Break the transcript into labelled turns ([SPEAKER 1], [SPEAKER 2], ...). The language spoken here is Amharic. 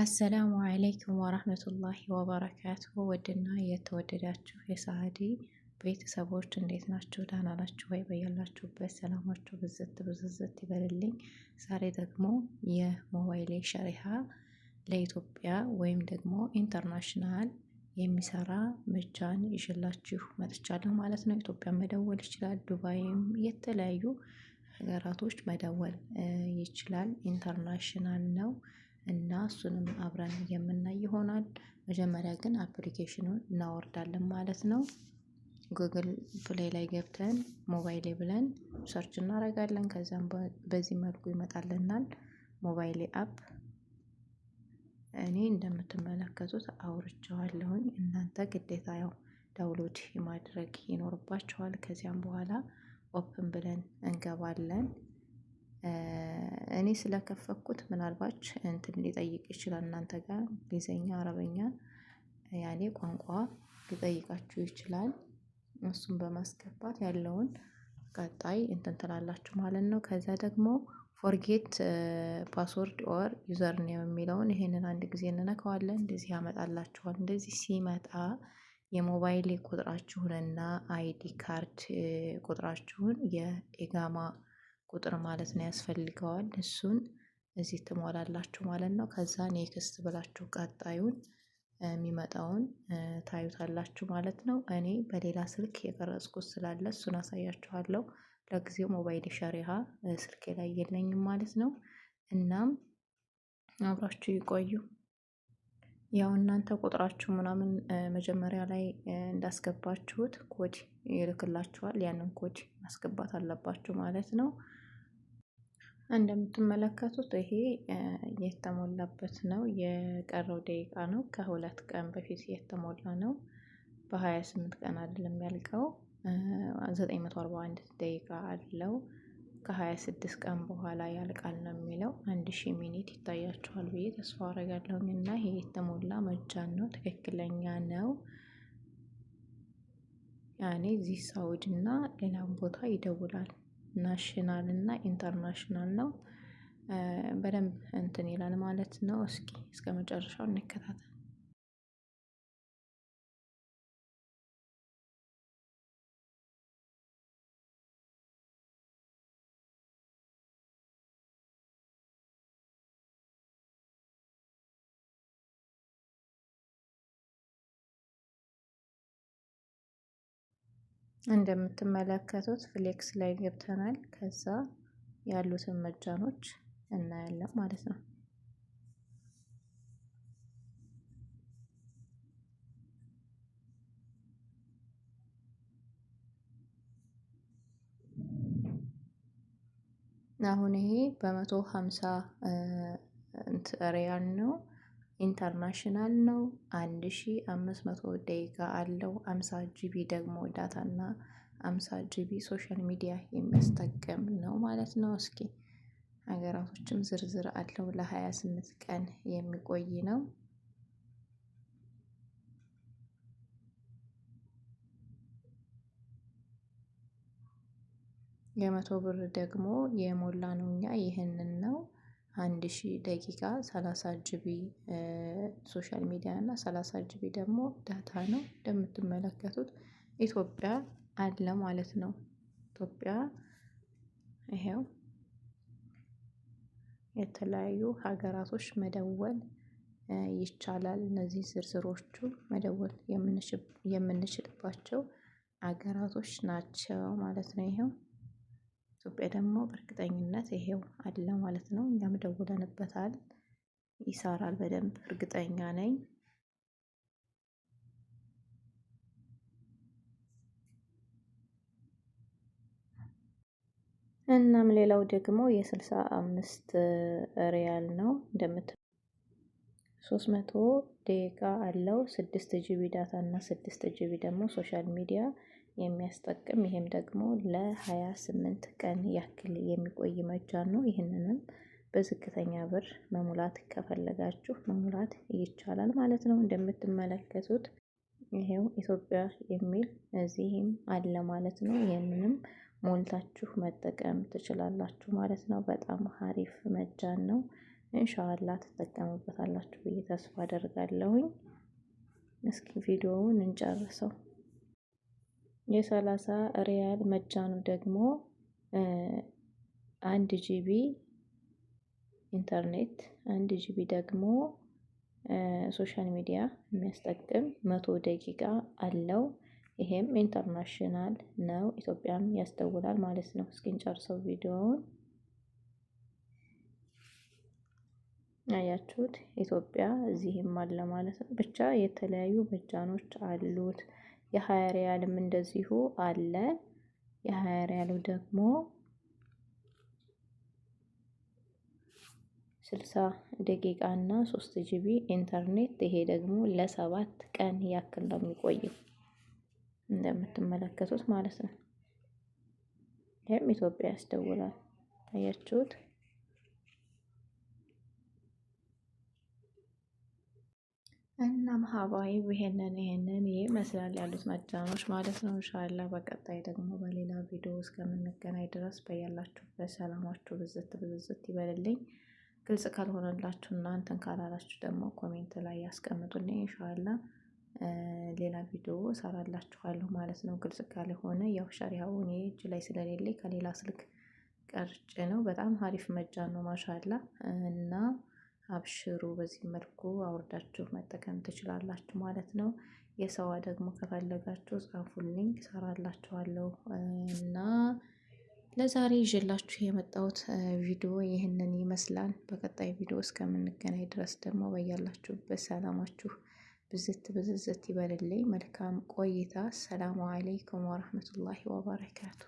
[SPEAKER 1] አሰላሙ አለይኩም ወራህመቱላሂ ወበረካቱሁ። ውድና የተወደዳችሁ የሳህዲ ቤተሰቦች እንዴት ናችሁ? ደህና ናችሁ ወይ? በያላችሁበት ሰላማችሁ ብዝት ብዝዝት ይበልልኝ። ዛሬ ደግሞ የሞባይሌ ሸሪሃ ለኢትዮጵያ ወይም ደግሞ ኢንተርናሽናል የሚሰራ መጃን ይሽላችሁ መጥቻለሁ ማለት ነው። ኢትዮጵያ መደወል ይችላል፣ ዱባይም የተለያዩ ሀገራቶች መደወል ይችላል። ኢንተርናሽናል ነው። እና እሱንም አብረን የምናይ ይሆናል። መጀመሪያ ግን አፕሊኬሽኑን እናወርዳለን ማለት ነው። ጉግል ፕሌይ ላይ ገብተን ሞባይሌ ብለን ሰርች እናደርጋለን። ከዚያም በዚህ መልኩ ይመጣልናል ሞባይሌ አፕ። እኔ እንደምትመለከቱት አውርቸዋለሁኝ። እናንተ ግዴታ ያው ዳውንሎድ ማድረግ ይኖርባችኋል። ከዚያም በኋላ ኦፕን ብለን እንገባለን እኔ ስለከፈኩት ምናልባች እንትን ሊጠይቅ ይችላል እናንተ ጋር እንግሊዝኛ፣ አረበኛ ያኔ ቋንቋ ሊጠይቃችሁ ይችላል እሱን በማስገባት ያለውን ቀጣይ እንትን ትላላችሁ ማለት ነው። ከዛ ደግሞ ፎርጌት ፓስወርድ ኦር ዩዘር ኔም የሚለውን ይሄንን አንድ ጊዜ እንነካዋለን እንደዚህ ያመጣላችኋል። እንደዚህ ሲመጣ የሞባይል ቁጥራችሁንና አይዲ ካርድ ቁጥራችሁን የኢጋማ ቁጥር ማለት ነው ያስፈልገዋል። እሱን እዚህ ትሞላላችሁ ማለት ነው። ከዛ ኔክስት ብላችሁ ቀጣዩን የሚመጣውን ታዩታላችሁ ማለት ነው። እኔ በሌላ ስልክ የቀረጽኩት ስላለ እሱን አሳያችኋለሁ። ለጊዜው ሞባይል ሸሪሃ ስልኬ ላይ የለኝም ማለት ነው። እናም አብራችሁ ይቆዩ። ያው እናንተ ቁጥራችሁ ምናምን መጀመሪያ ላይ እንዳስገባችሁት ኮድ ይልክላችኋል። ያንን ኮድ ማስገባት አለባችሁ ማለት ነው። እንደምትመለከቱት ይሄ የተሞላበት ነው። የቀረው ደቂቃ ነው። ከሁለት ቀን በፊት የተሞላ ነው። በ28 ቀን አይደለም ያልቀው 941 ደቂቃ አለው። ከ26 ቀን በኋላ ያልቃል ነው የሚለው። 1000 ሚኒት ይታያችኋል ብዬ ተስፋ አረጋለሁኝ እና ይሄ የተሞላ መጃን ነው። ትክክለኛ ነው። ያኔ እዚህ ሳውዲ እና ሌላም ቦታ ይደውላል። ናሽናል እና ኢንተርናሽናል ነው። በደንብ እንትን ይላል ማለት ነው። እስኪ መጨረሻው እንከታተል እንደምትመለከቱት ፍሌክስ ላይ ገብተናል። ከዛ ያሉትን መጃኖች እናያለን ማለት ነው። አሁን ይሄ በመቶ ሀምሳ ሪያል ነው። ኢንተርናሽናል ነው። 1500 ደቂቃ አለው። 50 ጂቢ ደግሞ ዳታ እና 50 ጂቢ ሶሻል ሚዲያ የሚያስጠቅም ነው ማለት ነው። እስኪ ሀገራቶችም ዝርዝር አለው። ለ28 ቀን የሚቆይ ነው። የመቶ ብር ደግሞ የሞላ ነው። እኛ ይህንን ነው አንድ ሺ ደቂቃ ሰላሳ ጂቢ ሶሻል ሚዲያ እና ሰላሳ ጂቢ ደግሞ ዳታ ነው። እንደምትመለከቱት ኢትዮጵያ አለ ማለት ነው። ኢትዮጵያ ይሄው የተለያዩ ሀገራቶች መደወል ይቻላል። እነዚህ ዝርዝሮቹ መደወል የምንችልባቸው ሀገራቶች ናቸው ማለት ነው። ይሄው ኢትዮጵያ ደግሞ በእርግጠኝነት ይሄው አለ ማለት ነው። እኛም ደውለንበታል ይሰራል በደንብ እርግጠኛ ነኝ። እናም ሌላው ደግሞ የስልሳ አምስት ሪያል ነው እንደምት ሶስት መቶ ደቂቃ አለው ስድስት ጂቢ ዳታ እና ስድስት ጂቢ ደግሞ ሶሻል ሚዲያ የሚያስጠቅም ይሄም ደግሞ ለ28 ቀን ያክል የሚቆይ መጃን ነው። ይህንንም በዝቅተኛ ብር መሙላት ከፈለጋችሁ መሙላት ይቻላል ማለት ነው። እንደምትመለከቱት ይሄው ኢትዮጵያ የሚል እዚህም አለ ማለት ነው። ይህንንም ሞልታችሁ መጠቀም ትችላላችሁ ማለት ነው። በጣም ሀሪፍ መጃን ነው። እንሻላ ትጠቀሙበታላችሁ ብዬ ተስፋ አደርጋለሁኝ። እስኪ ቪዲዮውን እንጨርሰው። የሰላሳ ሪያል መጫኑ ደግሞ አንድ ጂቢ ኢንተርኔት አንድ ጂቢ ደግሞ ሶሻል ሚዲያ የሚያስጠቅም መቶ ደቂቃ አለው። ይሄም ኢንተርናሽናል ነው ኢትዮጵያም ያስደውላል ማለት ነው። ጨርሰው ቪዲዮውን አያችሁት? ኢትዮጵያ እዚህም አለ ማለት ነው። ብቻ የተለያዩ መጃኖች አሉት። የሀያ ሪያልም እንደዚሁ አለ። የሀያ ሪያሉ ደግሞ ስልሳ ደቂቃ እና ሶስት ጂቢ ኢንተርኔት። ይሄ ደግሞ ለሰባት ቀን ያክል ነው የሚቆየው እንደምትመለከቱት ማለት ነው። ይህም ኢትዮጵያ ያስደውላል። አያችሁት? እናም ማህባዊ ይሄንን ይሄንን ይመስላል ያሉት መዳኖች ማለት ነው። እንሻላ በቀጣይ ደግሞ በሌላ ቪዲዮ እስከምንገናኝ ድረስ በያላችሁበት ሰላማችሁ ብዝት ብዝት ይበልልኝ። ግልጽ ካልሆነላችሁ እናንተን ካላላችሁ ደግሞ ኮሜንት ላይ ያስቀምጡልኝ። እንሻላ ሌላ ቪዲዮ እሰራላችኋለሁ ማለት ነው። ግልጽ ካልሆነ ያው ሸሪያውን እጅ ላይ ስለሌለኝ ከሌላ ስልክ ቀርጬ ነው። በጣም ሀሪፍ መጃን ነው ማሻላ እና አብሽሩ በዚህ መልኩ አውርዳችሁ መጠቀም ትችላላችሁ ማለት ነው። የሰዋ ደግሞ ከፈለጋችሁ ጻፉልኝ እሰራላችኋለሁ። እና ለዛሬ ይዤላችሁ የመጣሁት ቪዲዮ ይህንን ይመስላል። በቀጣይ ቪዲዮ እስከምንገናኝ ድረስ ደግሞ በያላችሁበት ሰላማችሁ ብዝት ብዝዝት ይበልልኝ። መልካም ቆይታ። ሰላሙ አለይኩም ወረህመቱላሂ ወበረካቱ